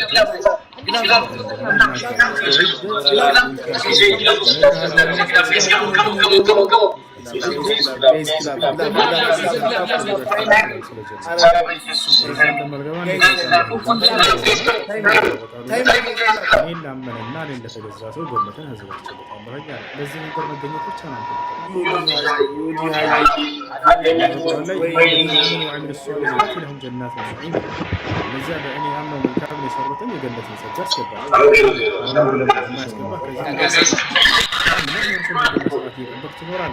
ጀናት ነው እነዚያ በእኔ ያመኑ ፌዴራል የሰሩትን የገለጽ መስጃ አስገባል ትኖራል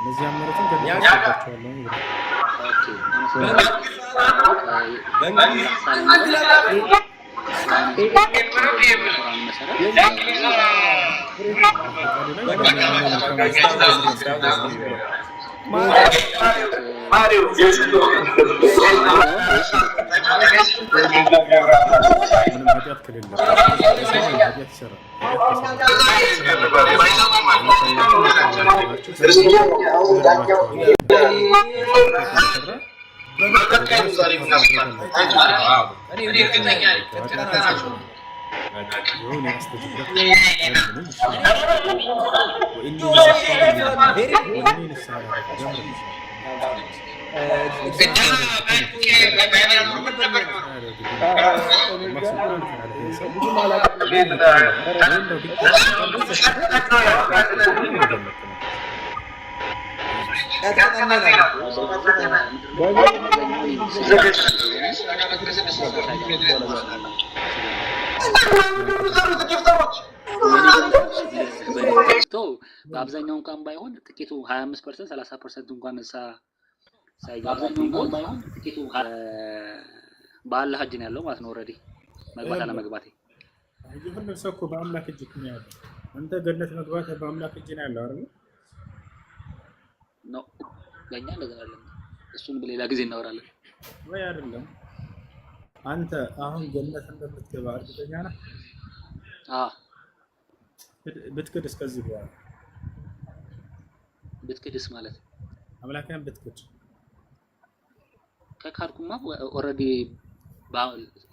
እነዚህ አማራጭን Mário, eu estou. Gracias. በአብዛኛው እንኳን ባይሆን ጥቂቱ ሀያ አምስት ፐርሰንት ሰላሳ ፐርሰንት እንኳን እሳ በአላህ ነው ያለው ማለት ነው። ኦልሬዲ መግባት አለመግባቴ ሰው እኮ በአምላክ እጅ ነው ያለው። አንተ ገነት መግባት በአምላክ እጅ ነው ያለው አይደል? ኖ ለእኛ እንደዛ አይደለም። እሱን በሌላ ጊዜ እናወራለን ወይ አይደለም አንተ አሁን ገነት እንደምትገባ እርግጠኛ ነህ? አዎ። ብትክድስ ከዚህ በኋላ ብትክድስ ማለት ነው አምላክህን ብትክድ ከካድኩማ ኦልሬዲ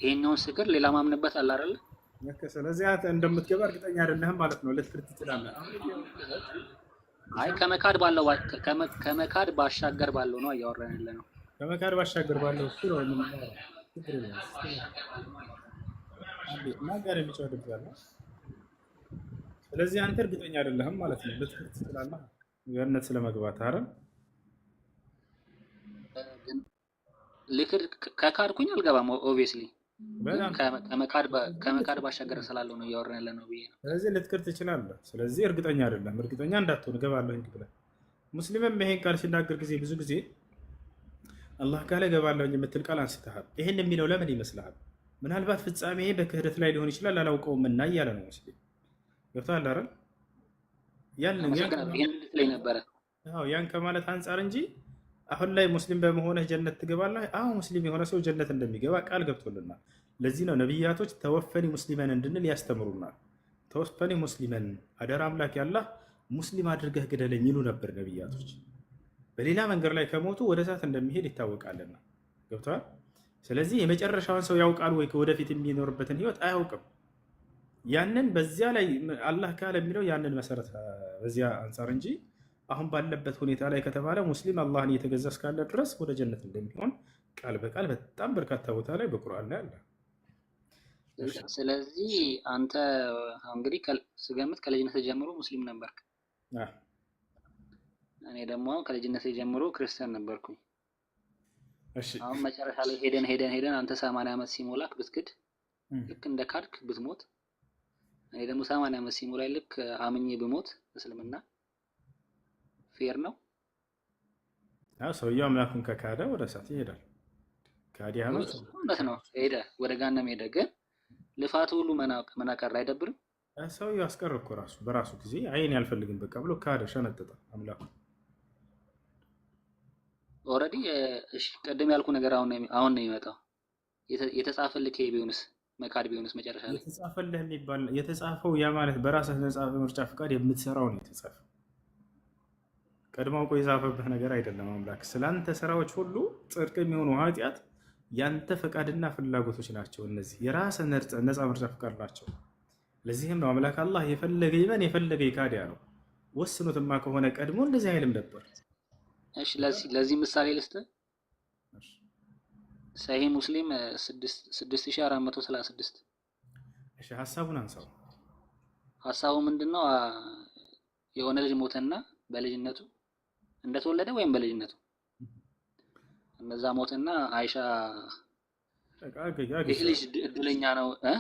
ይሄኛውን ስክር ሌላ ማምንበት አለ አይደል? ልክ ስለዚህ እንደምትገባ እርግጠኛ አይደለህም ማለት ነው። ልትክድ ትችላለህ። አይ ከመካድ ባለው ከመካድ ባሻገር ባለው ነው እያወራን ያለ ነው። ከመካድ ባሻገር ባለው እሱ ነው ድምፅ ስለዚህ አንተ እርግጠኛ አይደለህም ማለት ነው። ልትክርት ስላለ ገነት ስለመግባት አረ ከካድኩኝ አልገባም። ኦብቪስሊ ከመካድ ባሻገር ስላለው ነው እያወራን ያለ ነው ብዬ ነው። ስለዚህ ልትክር ትችላለህ። ስለዚህ እርግጠኛ አይደለም። እርግጠኛ እንዳትሆን እገባለሁ ብለህ ሙስሊምም ይሄን ቃል ሲናገር ጊዜ ብዙ ጊዜ አላህ ቃል እገባለሁ የምትል ቃል አንስተሃል። ይህን የሚለው ለምን ይመስልሃል? ምናልባት ፍጻሜ በክህደት ላይ ሊሆን ይችላል አላውቀውም እና እያለ ነው ሙስሊም ገብቶሃል አይደል? ያን ከማለት አንጻር እንጂ አሁን ላይ ሙስሊም በመሆንህ ጀነት ትገባለህ። አሁ ሙስሊም የሆነ ሰው ጀነት እንደሚገባ ቃል ገብቶልናል። ለዚህ ነው ነቢያቶች ተወፈኒ ሙስሊመን እንድንል ያስተምሩናል። ተወፈኒ ሙስሊመን አደራ አምላክ ያላህ ሙስሊም አድርገህ ግደለኝ ይሉ ነበር ነቢያቶች። በሌላ መንገድ ላይ ከሞቱ ወደ እሳት እንደሚሄድ ይታወቃልና ገብተዋል። ስለዚህ የመጨረሻውን ሰው ያውቃል ወይ? ወደፊት የሚኖርበትን ህይወት አያውቅም። ያንን በዚያ ላይ አላህ ካለ የሚለው ያንን መሰረት በዚያ አንጻር እንጂ አሁን ባለበት ሁኔታ ላይ ከተባለ ሙስሊም አላህን እየተገዛ እስካለ ድረስ ወደ ጀነት እንደሚሆን ቃል በቃል በጣም በርካታ ቦታ ላይ በቁርአን ላይ አለ። ስለዚህ አንተ እንግዲህ ስገምት ከልጅነት ጀምሮ ሙስሊም ነበርክ እኔ ደግሞ ከልጅነት ጀምሮ ክርስቲያን ነበርኩኝ። አሁን መጨረሻ ላይ ሄደን ሄደን ሄደን አንተ ሰማንያ ዓመት ሲሞላክ ብትክድ ልክ እንደ ካድክ ብትሞት፣ እኔ ደግሞ ሰማንያ ዓመት ሲሞላኝ ልክ አምኜ ብሞት እስልምና ፌር ነው? አዎ ሰውየው አምላኩን ከካደ ወደ እሳት ይሄዳል። ካዲ ነው ሄደ ወደ ጋነም ሄደ። ግን ልፋቱ ሁሉ መናቀር አይደብርም? ሰውየው አስቀር እኮ ራሱ በራሱ ጊዜ አይን ያልፈልግም በቃ ብሎ ካደ ሸነጠጠ አምላኩ ኦልሬዲ እሺ፣ ቀደም ያልኩ ነገር አሁን አሁን ነው የመጣው። የተጻፈልህ ይሄ ቢሆንስ መካድ ቢሆንስ መጨረሻ ላይ የተጻፈልህ የሚባል የተጻፈው ያ ማለት በራስህ ነጻ በምርጫ ፍቃድ የምትሰራው ነው የተጻፈው። ቀድሞ አውቆ የጻፈብህ ነገር አይደለም። አምላክ ስላንተ ስራዎች ሁሉ ጽድቅ የሚሆኑ ኃጢአት ያንተ ፈቃድና ፍላጎቶች ናቸው። እነዚህ የራስህ ነጻ ምርጫ ፍቃድ ናቸው። ለዚህም ነው አምላክ አላህ የፈለገ ይመን የፈለገ ይካድ ያለው። ወስኑትማ ከሆነ ቀድሞ እንደዚህ አይልም ነበር። እሺ ለዚህ ለዚህ ምሳሌ ልስጥ። ሰሂ ሙስሊም 6436 እሺ፣ ሐሳቡን አንሳው። ሐሳቡ ምንድነው? የሆነ ልጅ ሞተና በልጅነቱ እንደተወለደ ወይም በልጅነቱ እነዛ ሞተና አይሻ ይህ ልጅ እድለኛ ነው እ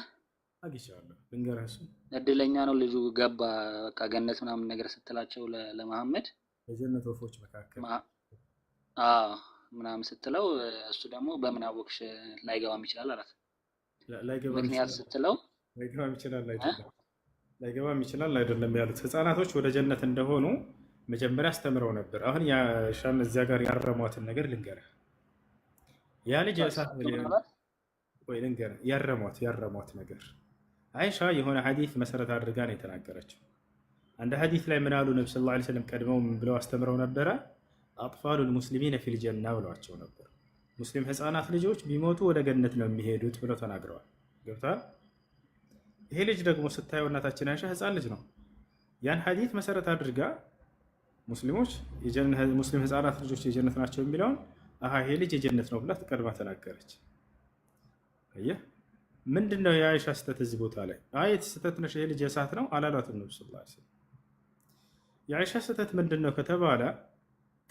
እድለኛ ነው ልጁ ገባ በቃ ገነት ምናምን ነገር ስትላቸው ለመሐመድ በጀነት ወፎች መካከል ምናምን ስትለው እሱ ደግሞ በምን አወቅሽ ላይገባም ይችላል አላት። ምክንያት ስትለው ላይገባም ይችላል አይደለም ላይገባም ይችላል አይደለም ያሉት ህፃናቶች ወደ ጀነት እንደሆኑ መጀመሪያ አስተምረው ነበር። አሁን ሻም እዚያ ጋር ያረሟትን ነገር ልንገርህ። ያ ልጅ ወይ ልንገርህ፣ ያረሟት ያረሟት ነገር አይሻ የሆነ ሀዲት መሰረት አድርጋ ነው የተናገረችው አንድ ሐዲስ ላይ ምን አሉ? ነቢ ሰለላሁ ዐለይሂ ቀድመው ብለው አስተምረው ነበረ? አጥፋሉል ሙስሊሚነ ፊልጀና ጀና ብለዋቸው ነበር። ሙስሊም ህፃናት ልጆች ቢሞቱ ወደ ገነት ነው የሚሄዱት ብለው ተናግረዋል። ገብተዋል። ይሄ ልጅ ደግሞ ስታየው እናታችን አይሻ ህፃን ልጅ ነው። ያን ሐዲስ መሰረት አድርጋ ሙስሊሞች ሙስሊም ህፃናት ልጆች የጀነት ናቸው የሚለውን አሀ ይሄ ልጅ የጀነት ነው ብላ ቀድማ ተናገረች። አየህ ምንድን ነው የአይሻ ስህተት እዚህ ቦታ ላይ? አይ ስህተት ነሽ ይሄ ልጅ የእሳት ነው አላሏትም ነቢ ስ የአይሻ ስህተት ምንድን ነው ከተባለ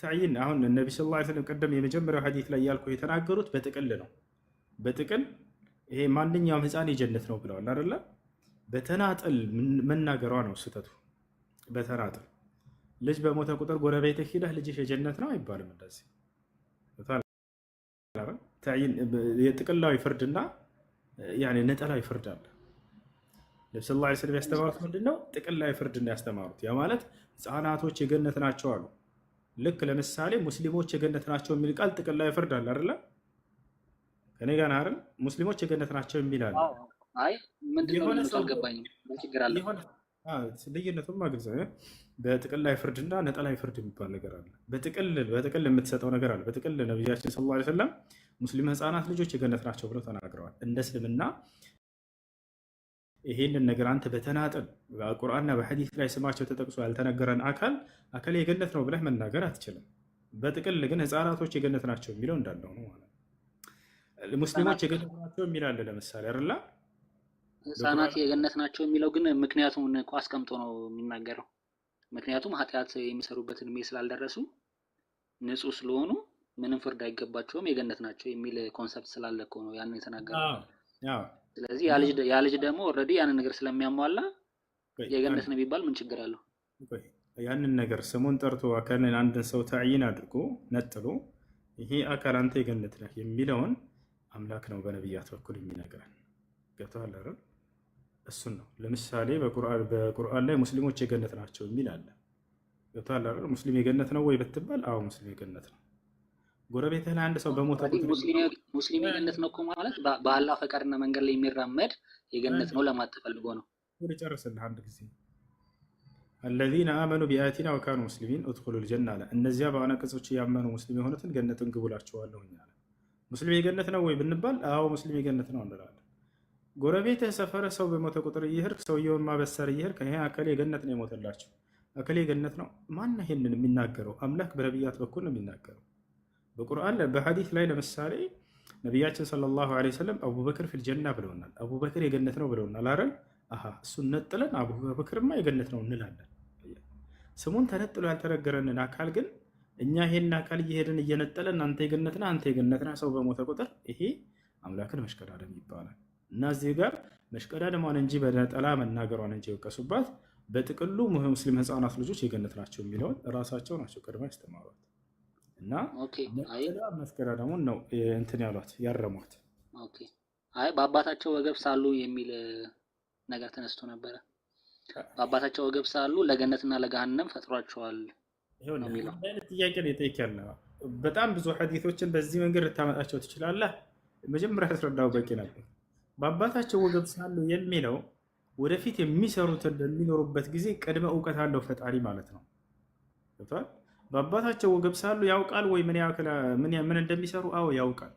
ተዕይን አሁን ነቢ ስ ላ ስለም ቀደም የመጀመሪያው ሀዲት ላይ ያልኩ የተናገሩት በጥቅል ነው። በጥቅል ይሄ ማንኛውም ህፃን የጀነት ነው ብለዋል አደለ? በተናጥል መናገሯ ነው ስህተቱ። በተናጥል ልጅ በሞተ ቁጥር ጎረቤት ሂደህ ልጅሽ የጀነት ነው አይባልም። እንደዚህ የጥቅላዊ ፍርድና ነጠላዊ ፍርድ አለ። ነብስ ላ ስለም ያስተማሩት ምንድን ነው? ፍርድ ፍርድን ያስተማሩት። ያ ማለት ህፃናቶች የገነት ናቸው አሉ። ልክ ለምሳሌ ሙስሊሞች የገነት ናቸው የሚል ቃል ላይ ፍርድ አለ አይደለ? ከኔ ጋር አይደል? ሙስሊሞች የገነት ናቸው የሚል አለ። ልዩነቱም ግልጽ ነው። ፍርድ እና ነጠላዊ ፍርድ የሚባል ነገር አለ። በጥቅል በጥቅል የምትሰጠው ነገር አለ። በጥቅል ነቢያችን ስለ ላ ስለም ሙስሊም ህፃናት ልጆች የገነት ናቸው ብለው ተናግረዋል። እንደ እስልምና ይሄንን ነገር አንተ በተናጠል በቁርአንና በሐዲስ ላይ ስማቸው ተጠቅሶ ያልተነገረን አካል አካል የገነት ነው ብለህ መናገር አትችልም። በጥቅል ግን ህፃናቶች የገነት ናቸው የሚለው እንዳለው ነው ማለት ሙስሊሞች የገነት ናቸው የሚላለ ለምሳሌ አይደል? ህፃናት የገነት ናቸው የሚለው ግን ምክንያቱም አስቀምጦ ነው የሚናገረው። ምክንያቱም ኃጢአት የሚሰሩበት እድሜ ስላልደረሱ ንጹህ ስለሆኑ ምንም ፍርድ አይገባቸውም የገነት ናቸው የሚል ኮንሰፕት ስላለ እኮ ነው ያን የተናገረው። ስለዚህ ያ ልጅ ደግሞ ኦልሬዲ ያንን ነገር ስለሚያሟላ የገነት ነው የሚባል ምን ችግር አለው? ያንን ነገር ስሙን ጠርቶ አካልን አንድን ሰው ተዕይን አድርጎ ነጥሎ ይሄ አካል አንተ የገነት ነህ የሚለውን አምላክ ነው በነቢያት በኩል የሚነግረን። ገብቶሃል አይደል? እሱን ነው። ለምሳሌ በቁርአን ላይ ሙስሊሞች የገነት ናቸው የሚል አለ። ገብቶሃል አይደል? ሙስሊም የገነት ነው ወይ ብትባል፣ አዎ ሙስሊም የገነት ነው ጎረቤት ላይ አንድ ሰው በሞተ ሙስሊም የገነት ነው እኮ ማለት በአላህ ፈቃድና መንገድ ላይ የሚራመድ የገነት ነው ለማለት ፈልጎ ነው። ጨርስልህ አንድ ጊዜ አለዚነ አመኑ ቢአያቲና ወካኑ ሙስሊሚን እድኹሉ ልጀና አለ። እነዚያ በአነቀጾች ያመኑ ሙስሊም የሆኑትን ገነትን ግቡ እላቸዋለሁ አለ። ሙስሊም የገነት ነው ወይ ብንባል፣ አዎ ሙስሊም የገነት ነው እንላለን። ጎረቤትህ ሰፈረ ሰው በሞተ ቁጥር እየሄድክ ሰውየውን ማበሰር እየሄድክ ይሄ አከሌ የገነት ነው የሞተላቸው አከሌ የገነት ነው። ማን ይሄንን የሚናገረው? አምላክ በነቢያት በኩል ነው የሚናገረው በቁርአን በሐዲስ ላይ ለምሳሌ ነቢያችን ሰለላሁ ዐለይሂ ወሰለም አቡበክር ፊልጀና ብለውናል። አቡበክር የገነት ነው ብለውናል። አረን አሀ እሱን ነጥለን አቡበክርማ የገነት ነው እንላለን። ስሙን ተነጥሎ ያልተነገረንን አካል ግን እኛ ይሄን አካል እየሄድን እየነጠለን አንተ የገነትና አንተ የገነትና ሰው በሞተ ቁጥር ይሄ አምላክን መሽቀዳደም ይባላል እና እዚህ ጋር መሽቀዳደሟን እንጂ በነጠላ መናገሯን እንጂ የወቀሱባት በጥቅሉ ሙስሊም ህፃናት ልጆች የገነት ናቸው የሚለውን እራሳቸው ናቸው ቀድማ ያስተማሯት። እና መስከራ ደግሞ ነው እንትን ያሏት ያረሟት። አይ በአባታቸው ወገብ ሳሉ የሚል ነገር ተነስቶ ነበረ። በአባታቸው ወገብ ሳሉ ለገነትና ለገሃነም ፈጥሯቸዋል። አይነት ጥያቄ ነው የጠይቅ ያለ። በጣም ብዙ ሀዲቶችን በዚህ መንገድ ልታመጣቸው ትችላለህ። መጀመሪያ ያስረዳው በቂ ነበር። በአባታቸው ወገብ ሳሉ የሚለው ወደፊት የሚሰሩትን በሚኖሩበት ጊዜ ቅድመ እውቀት አለው ፈጣሪ ማለት ነው። በአባታቸው ወገብ ሳሉ ያውቃል ወይ ምን ምን እንደሚሰሩ? አዎ ያውቃል።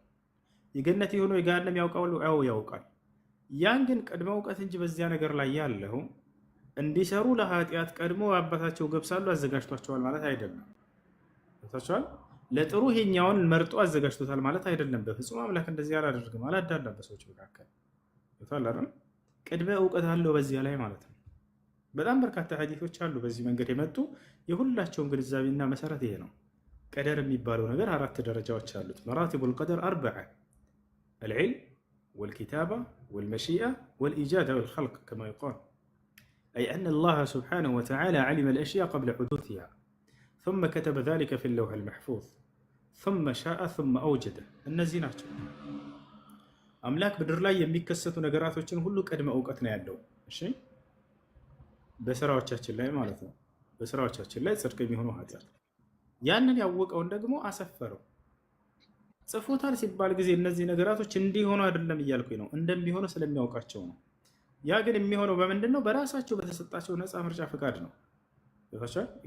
የገነት የሆነው የገሃነም ያውቃሉ? አዎ ያውቃል። ያን ግን ቅድመ እውቀት እንጂ በዚያ ነገር ላይ ያለው እንዲሰሩ ለኃጢአት ቀድሞ አባታቸው ወገብ ሳሉ አዘጋጅቷቸዋል ማለት አይደለም። ታቸዋል ለጥሩ ይሄኛውን መርጦ አዘጋጅቶታል ማለት አይደለም። በፍጹም አምላክ እንደዚህ አላደርግም፣ አላዳላም በሰዎች መካከል ቅድመ እውቀት አለው በዚያ ላይ ማለት ነው። በጣም በርካታ ሀዲቶች አሉ በዚህ መንገድ የመጡ የሁላቸውም ግንዛቤና መሰረት ይሄ ነው። ቀደር የሚባለው ነገር አራት ደረጃዎች አሉት። መራቲቡል ቀደር አርበዐ አልዕልም ወልኪታባ ወልመሺአ ወልኢጃዳ ወልኸልቅ ከማ ይቃል አይ አን አላህ ሱብሓነሁ ወተዓላ ዓሊመ አልአሽያ ቀብለ ሑዱሲሃ ثم كتب ذلك في اللوح المحفوظ ثم شاء ثم أوجده እነዚህ ናቸው። አምላክ ምድር ላይ የሚከሰቱ ነገራቶችን ሁሉ ቅድመ እውቀት ነው ያለው። እሺ በስራዎቻችን ላይ ማለት ነው። በስራዎቻችን ላይ ጽድቅ የሚሆኑ ኃጢአት ያንን ያወቀውን ደግሞ አሰፈረው ጽፎታል ሲባል ጊዜ እነዚህ ነገራቶች እንዲሆኑ አይደለም እያልኩኝ ነው፣ እንደሚሆኑ ስለሚያውቃቸው ነው። ያ ግን የሚሆነው በምንድን ነው? በራሳቸው በተሰጣቸው ነፃ ምርጫ ፈቃድ ነው።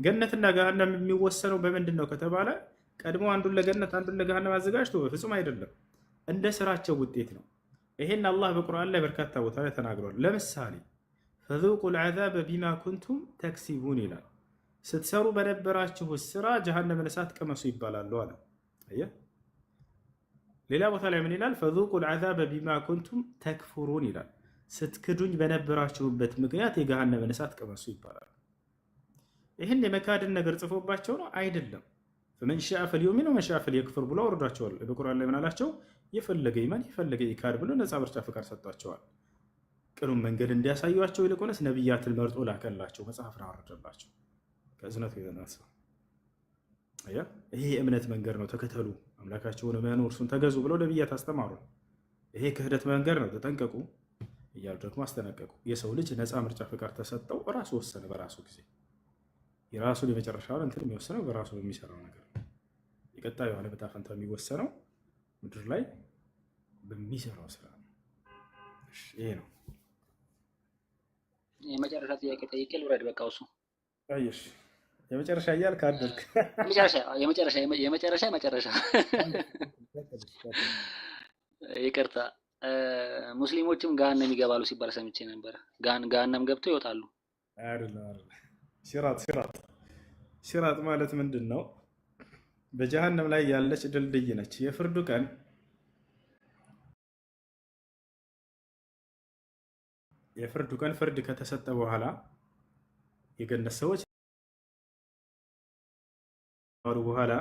ገነትና ገሃነም የሚወሰነው በምንድን ነው ከተባለ ቀድሞ አንዱን ለገነት አንዱን ለገሃነም አዘጋጅቶ በፍጹም አይደለም። እንደ ስራቸው ውጤት ነው። ይሄን አላህ በቁርአን ላይ በርካታ ቦታ ላይ ተናግሯል። ለምሳሌ ፈዙቁል ዐዛበ ቢማ ኩንቱም ተክሲቡን ይላል። ስትሰሩ በነበራችሁ ስራ ጀሃነምን እሳት ቅመሱ ይባላሉ አለ። ሌላ ቦታ ላይ ምን ይላል? ፈዙቁል ዐዛበ ቢማ ኩንቱም ተክፉሩን ይላል። ስትክዱኝ በነበራችሁበት ምክንያት የገሃነምን እሳት ቅመሱ ይባላሉ። ይህን የመካድን ነገር ጽፎባቸው ነው አይደለም። ፈመን ሻአ ፈልዩሚን ወመን ሻአ ፈልየክፍር ብሎ አውርዷቸዋል። በቁርአን ላይ ምን አላቸው? የፈለገ ይመን የፈለገ ይካድ ብሎ ነፃ ምርጫ ፍቃድ ሰጧቸዋል። ቅኑን መንገድ እንዲያሳዩቸው ይልቁንስ ነቢያትን መርጦ ላከላቸው፣ መጽሐፍን አወረደላቸው። ከእዝነቱ የተነሳ ይሄ የእምነት መንገድ ነው፣ ተከተሉ፣ አምላካቸውን መኑ፣ እርሱን ተገዙ ብለው ነቢያት አስተማሩ። ይሄ ክህደት መንገድ ነው፣ ተጠንቀቁ እያሉ ደግሞ አስጠነቀቁ። የሰው ልጅ ነፃ ምርጫ ፍቃድ ተሰጠው፣ ራሱ ወሰነ። በራሱ ጊዜ የራሱን የመጨረሻውን እንትን የሚወሰነው በራሱ በሚሰራው ነገር ነው። የቀጣዩ ዓለም ዕጣ ፈንታ የሚወሰነው ምድር ላይ በሚሰራው ስራ ነው። ይሄ ነው። የመጨረሻ ጥያቄ ጠይቄ ልውረድ። በቃ እሱ እሺ። የመጨረሻ እያልክ አደርግ። መጨረሻ የመጨረሻ የመጨረሻ ይቅርታ። ሙስሊሞችም ገሃነም ይገባሉ ሲባል ሰምቼ ነበር። ገሃነም ገብቶ ይወጣሉ? አይደለም አይደለም። ሲራጥ ሲራጥ ሲራጥ ማለት ምንድን ነው? በጀሃነም ላይ ያለች ድልድይ ነች። የፍርዱ ቀን የፍርዱ ቀን ፍርድ ከተሰጠ በኋላ የገነት ሰዎች ሩ በኋላ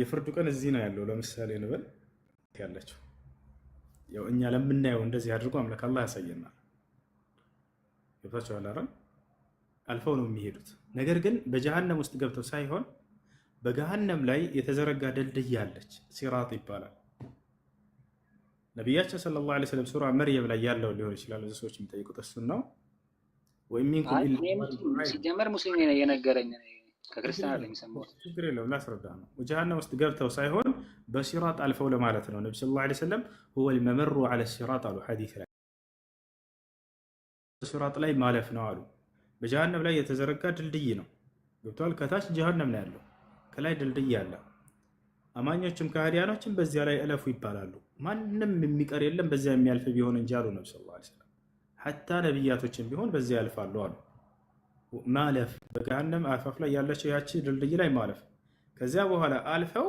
የፍርዱ ቀን እዚህ ነው ያለው። ለምሳሌ ንበል ያለችው ያው እኛ ለምናየው እንደዚህ አድርጎ አምላክ አላህ ያሳየናል። ገብታችኋል? አልፈው ነው የሚሄዱት። ነገር ግን በጀሃነም ውስጥ ገብተው ሳይሆን በገሃነም ላይ የተዘረጋ ድልድይ አለች፣ ሲራጥ ይባላል። ነቢያችን ሰለላሁ ዐለይሂ ወሰለም ሱራ መርየም ላይ ያለው ሊሆን ይችላል። ብዙ ሰዎች የሚጠይቁት እሱን ነው። ሲጀመር ሙስሊም የነገረኝ ከክርስቲያን አለ የሚሰማው ችግር የለውም ላስረዳ ነው። ጀሃነም ውስጥ ገብተው ሳይሆን በሲራጥ አልፈው ለማለት ነው። ነቢ ሰለላሁ ዐለይሂ ወሰለም ሁወል መመሩ ዐለ ሲራጥ አሉ። ሐዲስ ላይ ሲራጥ ላይ ማለፍ ነው አሉ። በጀሃነም ላይ የተዘረጋ ድልድይ ነው። ገብተዋል። ከታች ጀሃነም ነው ያለው፣ ከላይ ድልድይ አለ። አማኞችም ከሃዲያኖችም በዚያ ላይ እለፉ ይባላሉ። ማንም የሚቀር የለም በዚያ የሚያልፍ ቢሆን እንጂ አሉ ነብ ስ ስለም ሐታ ነቢያቶችም ቢሆን በዚያ ያልፋሉ አሉ። ማለፍ በገሃነም አፋፍ ላይ ያለችው ያቺ ድልድይ ላይ ማለፍ፣ ከዚያ በኋላ አልፈው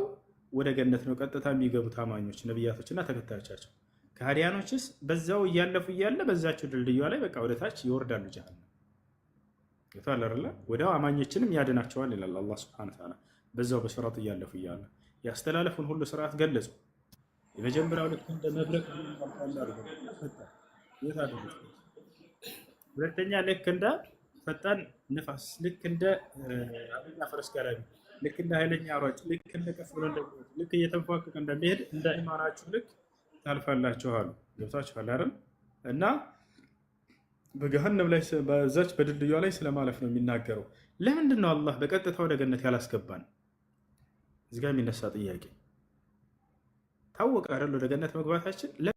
ወደ ገነት ነው ቀጥታ የሚገቡት አማኞች ነቢያቶችና ተከታዮቻቸው። ከሃዲያኖችስ በዛው እያለፉ እያለ በዛቸው ድልድያ ላይ በቃ ወደታች ይወርዳሉ ጀሃነም ይታለርላ ወዲያው አማኞችንም ያድናቸዋል ይላል አላህ ሱብሓነሁ ወተዓላ በዛው በስራት እያለፉ እያለ ያስተላለፉን ሁሉ ስርዓት ገለጹ። የመጀመሪያው ልክ እንደ መብረቅ ሁለተኛ ልክ እንደ ፈጣን ንፋስ፣ ልክ እንደ አደኛ ፈረስ ጋላቢ፣ ልክ እንደ ኃይለኛ ሯጭ፣ ልክ እንደ ከፍ ብሎ እንደሚሄድ፣ ልክ እየተንፏቀቀ እንደሚሄድ እንደ ኢማናችሁ ልክ ታልፋላችኋሉ። ገብታችኋል አይደል? እና በገሀነም ላይ በዛች በድልድዩ ላይ ስለማለፍ ነው የሚናገረው። ለምንድን ነው አላህ በቀጥታ ወደ ገነት ያላስገባን? እዚህ ጋር የሚነሳ ጥያቄ ታወቀ አይደል? ወደ ገነት መግባታችን